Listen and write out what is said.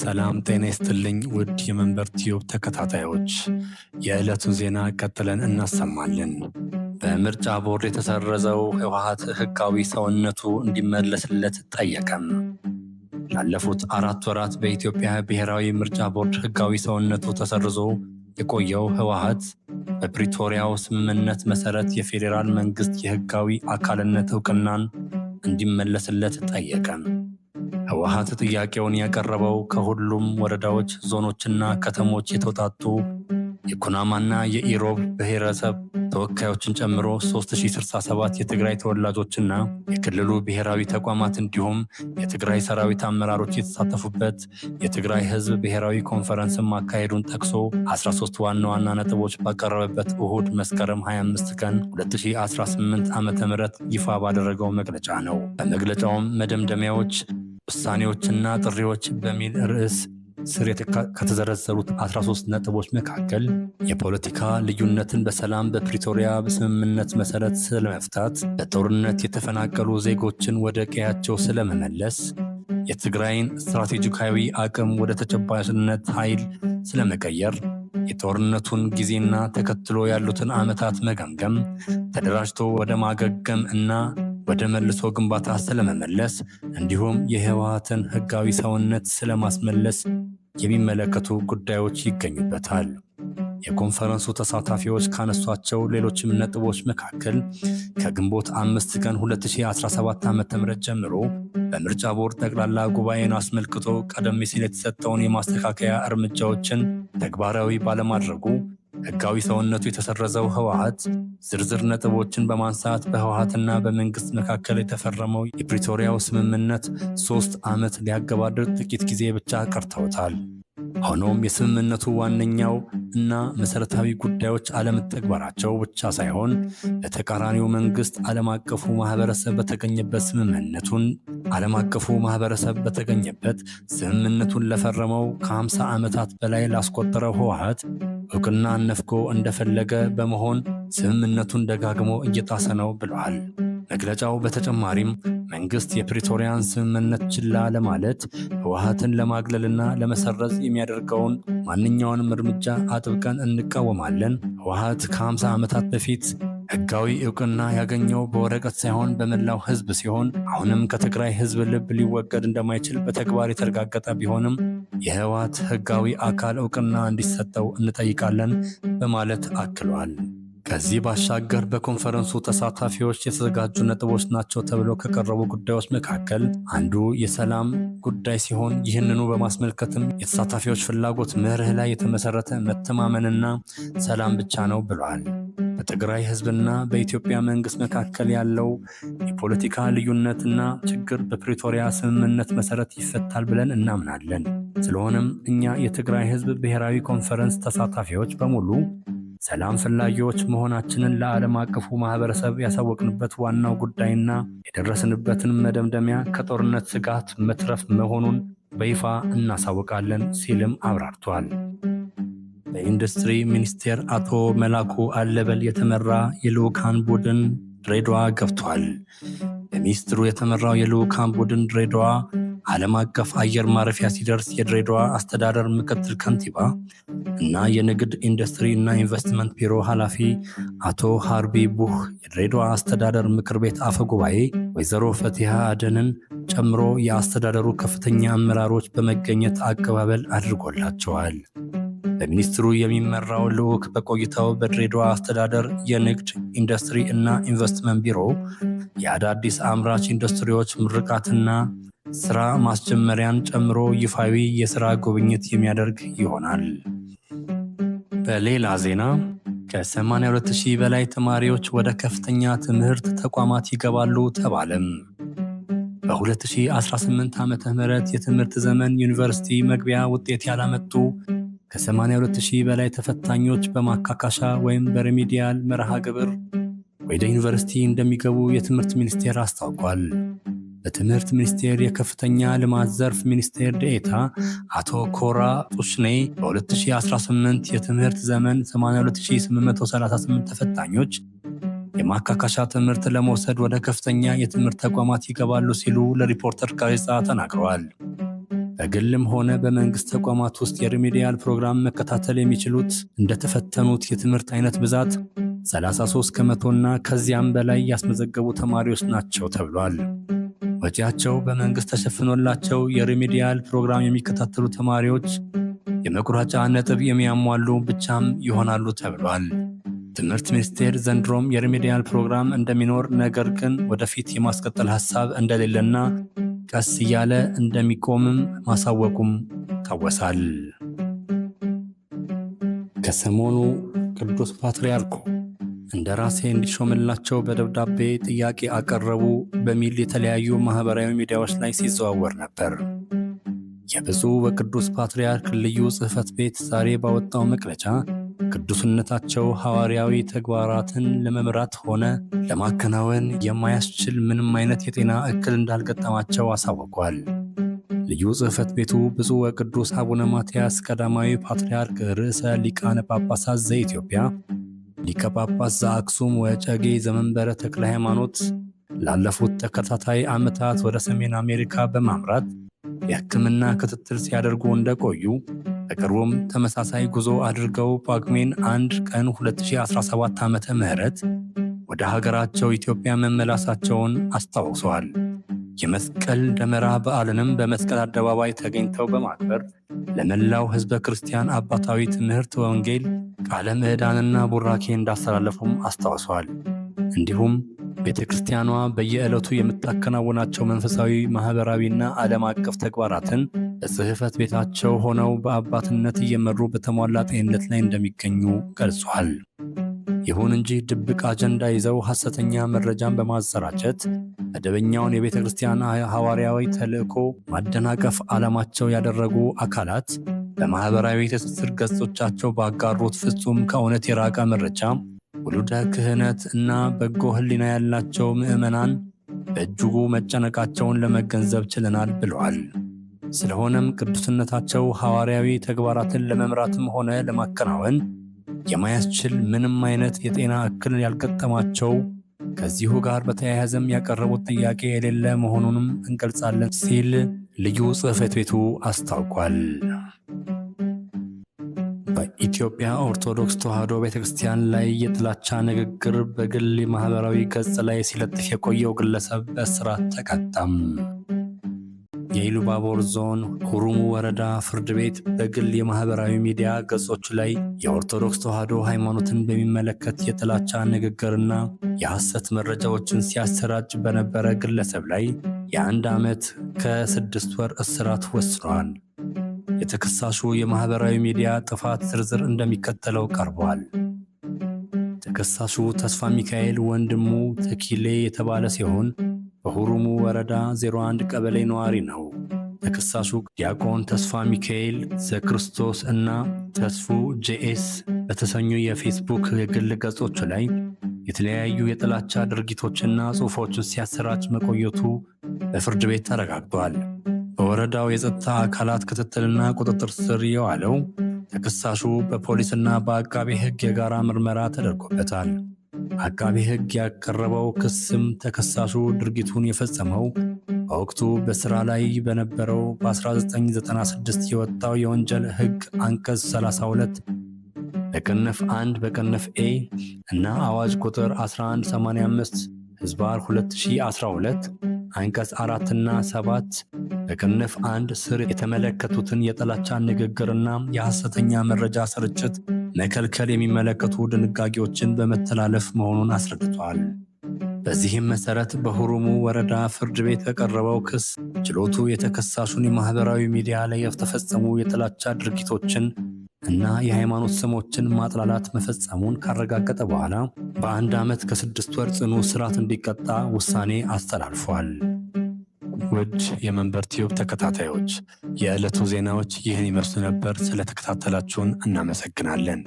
ሰላም ጤና ይስጥልኝ ውድ የመንበር ቲዩብ ተከታታዮች፣ የዕለቱን ዜና ቀጥለን እናሰማለን። በምርጫ ቦርድ የተሰረዘው ህወሓት ህጋዊ ሰውነቱ እንዲመለስለት ጠየቀም። ላለፉት አራት ወራት በኢትዮጵያ ብሔራዊ ምርጫ ቦርድ ህጋዊ ሰውነቱ ተሰርዞ የቆየው ህወሓት በፕሪቶሪያው ስምምነት መሠረት የፌዴራል መንግሥት የህጋዊ አካልነት ዕውቅናን እንዲመለስለት ጠየቀም። ህወሓት ጥያቄውን ያቀረበው ከሁሉም ወረዳዎች፣ ዞኖችና ከተሞች የተውጣጡ የኩናማና የኢሮብ ብሔረሰብ ተወካዮችን ጨምሮ 3067 የትግራይ ተወላጆችና የክልሉ ብሔራዊ ተቋማት እንዲሁም የትግራይ ሰራዊት አመራሮች የተሳተፉበት የትግራይ ህዝብ ብሔራዊ ኮንፈረንስን ማካሄዱን ጠቅሶ 13 ዋና ዋና ነጥቦች ባቀረበበት እሁድ መስከረም 25 ቀን 2018 ዓ ም ይፋ ባደረገው መግለጫ ነው። በመግለጫውም መደምደሚያዎች ውሳኔዎችና ጥሪዎች በሚል ርዕስ ስር ከተዘረዘሩት 13 ነጥቦች መካከል የፖለቲካ ልዩነትን በሰላም በፕሪቶሪያ ስምምነት መሰረት ስለመፍታት፣ በጦርነት የተፈናቀሉ ዜጎችን ወደ ቀያቸው ስለመመለስ፣ የትግራይን ስትራቴጂካዊ አቅም ወደ ተጨባጭነት ኃይል ስለመቀየር የጦርነቱን ጊዜና ተከትሎ ያሉትን ዓመታት መገምገም፣ ተደራጅቶ ወደ ማገገም እና ወደ መልሶ ግንባታ ስለመመለስ እንዲሁም የህወሓትን ህጋዊ ሰውነት ስለማስመለስ የሚመለከቱ ጉዳዮች ይገኙበታል። የኮንፈረንሱ ተሳታፊዎች ካነሷቸው ሌሎችም ነጥቦች መካከል ከግንቦት አምስት ቀን 2017 ዓ ም ጀምሮ በምርጫ ቦርድ ጠቅላላ ጉባኤን አስመልክቶ ቀደም ሲል የተሰጠውን የማስተካከያ እርምጃዎችን ተግባራዊ ባለማድረጉ ህጋዊ ሰውነቱ የተሰረዘው ህወሓት ዝርዝር ነጥቦችን በማንሳት በህወሓትና በመንግስት መካከል የተፈረመው የፕሪቶሪያው ስምምነት ሶስት ዓመት ሊያገባድር ጥቂት ጊዜ ብቻ ቀርተውታል። ሆኖም የስምምነቱ ዋነኛው እና መሰረታዊ ጉዳዮች አለመተግበራቸው ብቻ ሳይሆን በተቃራኒው መንግስት ዓለም አቀፉ ማህበረሰብ በተገኘበት ስምምነቱን ዓለም አቀፉ ማህበረሰብ በተገኘበት ስምምነቱን ለፈረመው ከ50 ዓመታት በላይ ላስቆጠረው ህወሓት እውቅና ነፍጎ እንደፈለገ በመሆን ስምምነቱን ደጋግሞ እየጣሰ ነው ብለዋል። መግለጫው በተጨማሪም መንግስት የፕሪቶሪያን ስምምነት ችላ ለማለት ህወሀትን ለማግለልና ለመሰረዝ የሚያደርገውን ማንኛውንም እርምጃ አጥብቀን እንቃወማለን። ህወሀት ከ50 ዓመታት በፊት ህጋዊ እውቅና ያገኘው በወረቀት ሳይሆን በመላው ህዝብ ሲሆን አሁንም ከትግራይ ህዝብ ልብ ሊወገድ እንደማይችል በተግባር የተረጋገጠ ቢሆንም የህወሓት ህጋዊ አካል እውቅና እንዲሰጠው እንጠይቃለን በማለት አክሏል። ከዚህ ባሻገር በኮንፈረንሱ ተሳታፊዎች የተዘጋጁ ነጥቦች ናቸው ተብለው ከቀረቡ ጉዳዮች መካከል አንዱ የሰላም ጉዳይ ሲሆን ይህንኑ በማስመልከትም የተሳታፊዎች ፍላጎት መርህ ላይ የተመሰረተ መተማመንና ሰላም ብቻ ነው ብሏል። በትግራይ ህዝብና በኢትዮጵያ መንግስት መካከል ያለው የፖለቲካ ልዩነትና ችግር በፕሪቶሪያ ስምምነት መሰረት ይፈታል ብለን እናምናለን። ስለሆነም እኛ የትግራይ ህዝብ ብሔራዊ ኮንፈረንስ ተሳታፊዎች በሙሉ ሰላም ፈላጊዎች መሆናችንን ለዓለም አቀፉ ማህበረሰብ ያሳወቅንበት ዋናው ጉዳይና የደረስንበትን መደምደሚያ ከጦርነት ስጋት መትረፍ መሆኑን በይፋ እናሳውቃለን ሲልም አብራርቷል። በኢንዱስትሪ ሚኒስቴር አቶ መላኩ አለበል የተመራ የልዑካን ቡድን ድሬዳዋ ገብቷል። በሚኒስትሩ የተመራው የልዑካን ቡድን ድሬዳዋ ዓለም አቀፍ አየር ማረፊያ ሲደርስ የድሬዳዋ አስተዳደር ምክትል ከንቲባ እና የንግድ ኢንዱስትሪ እና ኢንቨስትመንት ቢሮ ኃላፊ አቶ ሃርቢ ቡህ፣ የድሬዳዋ አስተዳደር ምክር ቤት አፈ ጉባኤ ወይዘሮ ፈቲሃ አደንን ጨምሮ የአስተዳደሩ ከፍተኛ አመራሮች በመገኘት አቀባበል አድርጎላቸዋል። በሚኒስትሩ የሚመራው ልዑክ በቆይታው በድሬዳዋ አስተዳደር የንግድ ኢንዱስትሪ እና ኢንቨስትመንት ቢሮ የአዳዲስ አምራች ኢንዱስትሪዎች ምርቃትና ስራ ማስጀመሪያን ጨምሮ ይፋዊ የስራ ጉብኝት የሚያደርግ ይሆናል። በሌላ ዜና ከ 82000 በላይ ተማሪዎች ወደ ከፍተኛ ትምህርት ተቋማት ይገባሉ ተባለም። በ2018 ዓ ም የትምህርት ዘመን ዩኒቨርሲቲ መግቢያ ውጤት ያላመጡ ከ82 በላይ ተፈታኞች በማካካሻ ወይም በሬሚዲያል መርሃ ግብር ወደ ዩኒቨርሲቲ እንደሚገቡ የትምህርት ሚኒስቴር አስታውቋል። በትምህርት ሚኒስቴር የከፍተኛ ልማት ዘርፍ ሚኒስቴር ዴኤታ አቶ ኮራ ጡስኔ በ2018 የትምህርት ዘመን 82838 ተፈታኞች የማካካሻ ትምህርት ለመውሰድ ወደ ከፍተኛ የትምህርት ተቋማት ይገባሉ ሲሉ ለሪፖርተር ጋዜጣ ተናግረዋል። በግልም ሆነ በመንግስት ተቋማት ውስጥ የሪሜዲያል ፕሮግራም መከታተል የሚችሉት እንደተፈተኑት የትምህርት አይነት ብዛት 33 ከመቶና ከዚያም በላይ ያስመዘገቡ ተማሪዎች ናቸው ተብሏል። ወጪያቸው በመንግሥት ተሸፍኖላቸው የሪሚዲያል ፕሮግራም የሚከታተሉ ተማሪዎች የመቁረጫ ነጥብ የሚያሟሉ ብቻም ይሆናሉ ተብሏል። ትምህርት ሚኒስቴር ዘንድሮም የሪሜዲያል ፕሮግራም እንደሚኖር ነገር ግን ወደፊት የማስቀጠል ሀሳብ እንደሌለና ቀስ እያለ እንደሚቆምም ማሳወቁም ይታወሳል። ከሰሞኑ ቅዱስ ፓትርያርኩ እንደ ራሴ እንዲሾምላቸው በደብዳቤ ጥያቄ አቀረቡ በሚል የተለያዩ ማኅበራዊ ሚዲያዎች ላይ ሲዘዋወር ነበር። የብፁዕ ወቅዱስ ፓትርያርክ ልዩ ጽሕፈት ቤት ዛሬ ባወጣው መግለጫ ቅዱስነታቸው ሐዋርያዊ ተግባራትን ለመምራት ሆነ ለማከናወን የማያስችል ምንም አይነት የጤና እክል እንዳልገጠማቸው አሳውቋል። ልዩ ጽሕፈት ቤቱ ብፁዕ ወቅዱስ አቡነ ማትያስ ቀዳማዊ ፓትርያርክ ርዕሰ ሊቃነ ጳጳሳት ዘኢትዮጵያ ሊቀ ጳጳስ ዘአክሱም ወጨጌ ዘመንበረ ተክለ ሃይማኖት ላለፉት ተከታታይ ዓመታት ወደ ሰሜን አሜሪካ በማምራት የሕክምና ክትትል ሲያደርጉ እንደቆዩ በቅርቡም ተመሳሳይ ጉዞ አድርገው ጳጉሜን 1 ቀን 2017 ዓ ም ወደ ሀገራቸው ኢትዮጵያ መመላሳቸውን አስታውሰዋል። የመስቀል ደመራ በዓልንም በመስቀል አደባባይ ተገኝተው በማክበር ለመላው ሕዝበ ክርስቲያን አባታዊ ትምህርት ወንጌል ቃለ ምዕዳንና ቡራኬ እንዳስተላለፉም አስታውሰዋል። እንዲሁም ቤተ ክርስቲያኗ በየዕለቱ የምታከናውናቸው መንፈሳዊ ማኅበራዊና ዓለም አቀፍ ተግባራትን በጽሕፈት ቤታቸው ሆነው በአባትነት እየመሩ በተሟላ ጤንነት ላይ እንደሚገኙ ገልጿል። ይሁን እንጂ ድብቅ አጀንዳ ይዘው ሐሰተኛ መረጃን በማሰራጨት መደበኛውን የቤተ ክርስቲያን ሐዋርያዊ ተልእኮ ማደናቀፍ ዓላማቸው ያደረጉ አካላት በማህበራዊ ትስስር ገጾቻቸው ባጋሩት ፍጹም ከእውነት የራቀ መረጃ ውሉደ ክህነት እና በጎ ሕሊና ያላቸው ምዕመናን በእጅጉ መጨነቃቸውን ለመገንዘብ ችለናል ብለዋል። ስለሆነም ቅዱስነታቸው ሐዋርያዊ ተግባራትን ለመምራትም ሆነ ለማከናወን የማያስችል ምንም አይነት የጤና እክል ያልገጠማቸው ከዚሁ ጋር በተያያዘም ያቀረቡት ጥያቄ የሌለ መሆኑንም እንገልጻለን ሲል ልዩ ጽሕፈት ቤቱ አስታውቋል። ኢትዮጵያ ኦርቶዶክስ ተዋሕዶ ቤተክርስቲያን ላይ የጥላቻ ንግግር በግል ማህበራዊ ገጽ ላይ ሲለጥፍ የቆየው ግለሰብ በእስራት ተቀጣም። የኢሉባቦር ዞን ሁሩሙ ወረዳ ፍርድ ቤት በግል የማህበራዊ ሚዲያ ገጾች ላይ የኦርቶዶክስ ተዋሕዶ ሃይማኖትን በሚመለከት የጥላቻ ንግግርና የሐሰት መረጃዎችን ሲያሰራጭ በነበረ ግለሰብ ላይ የአንድ ዓመት ከስድስት ወር እስራት ወስኗል። የተከሳሹ የማኅበራዊ ሚዲያ ጥፋት ዝርዝር እንደሚከተለው ቀርቧል። ተከሳሹ ተስፋ ሚካኤል ወንድሙ ተኪሌ የተባለ ሲሆን በሁሩሙ ወረዳ 01 ቀበሌ ነዋሪ ነው። ተከሳሹ ዲያቆን ተስፋ ሚካኤል ዘክርስቶስ እና ተስፉ ጄኤስ በተሰኙ የፌስቡክ የግል ገጾች ላይ የተለያዩ የጥላቻ ድርጊቶችና ጽሑፎችን ሲያሰራጭ መቆየቱ በፍርድ ቤት ተረጋግጧል። በወረዳው የጸጥታ አካላት ክትትልና ቁጥጥር ስር የዋለው ተከሳሹ በፖሊስና በአቃቢ ሕግ የጋራ ምርመራ ተደርጎበታል። አቃቢ ሕግ ያቀረበው ክስም ተከሳሹ ድርጊቱን የፈጸመው በወቅቱ በሥራ ላይ በነበረው በ1996 የወጣው የወንጀል ሕግ አንቀጽ 32 በቅንፍ 1 በቅንፍ ኤ እና አዋጅ ቁጥር 1185 ህዝባር 2012 አንቀጽ 4 እና 7 በክንፍ አንድ ስር የተመለከቱትን የጥላቻ ንግግርና የሐሰተኛ መረጃ ስርጭት መከልከል የሚመለከቱ ድንጋጌዎችን በመተላለፍ መሆኑን አስረድቷል። በዚህም መሰረት በሁሩሙ ወረዳ ፍርድ ቤት በቀረበው ክስ ችሎቱ የተከሳሹን የማህበራዊ ሚዲያ ላይ የተፈጸሙ የጥላቻ ድርጊቶችን እና የሃይማኖት ስሞችን ማጥላላት መፈጸሙን ካረጋገጠ በኋላ በአንድ ዓመት ከስድስት ወር ጽኑ እስራት እንዲቀጣ ውሳኔ አስተላልፏል። ውድ የመንበር ቲዩብ ተከታታዮች የዕለቱ ዜናዎች ይህን ይመስሉ ነበር። ስለተከታተላችሁን እናመሰግናለን።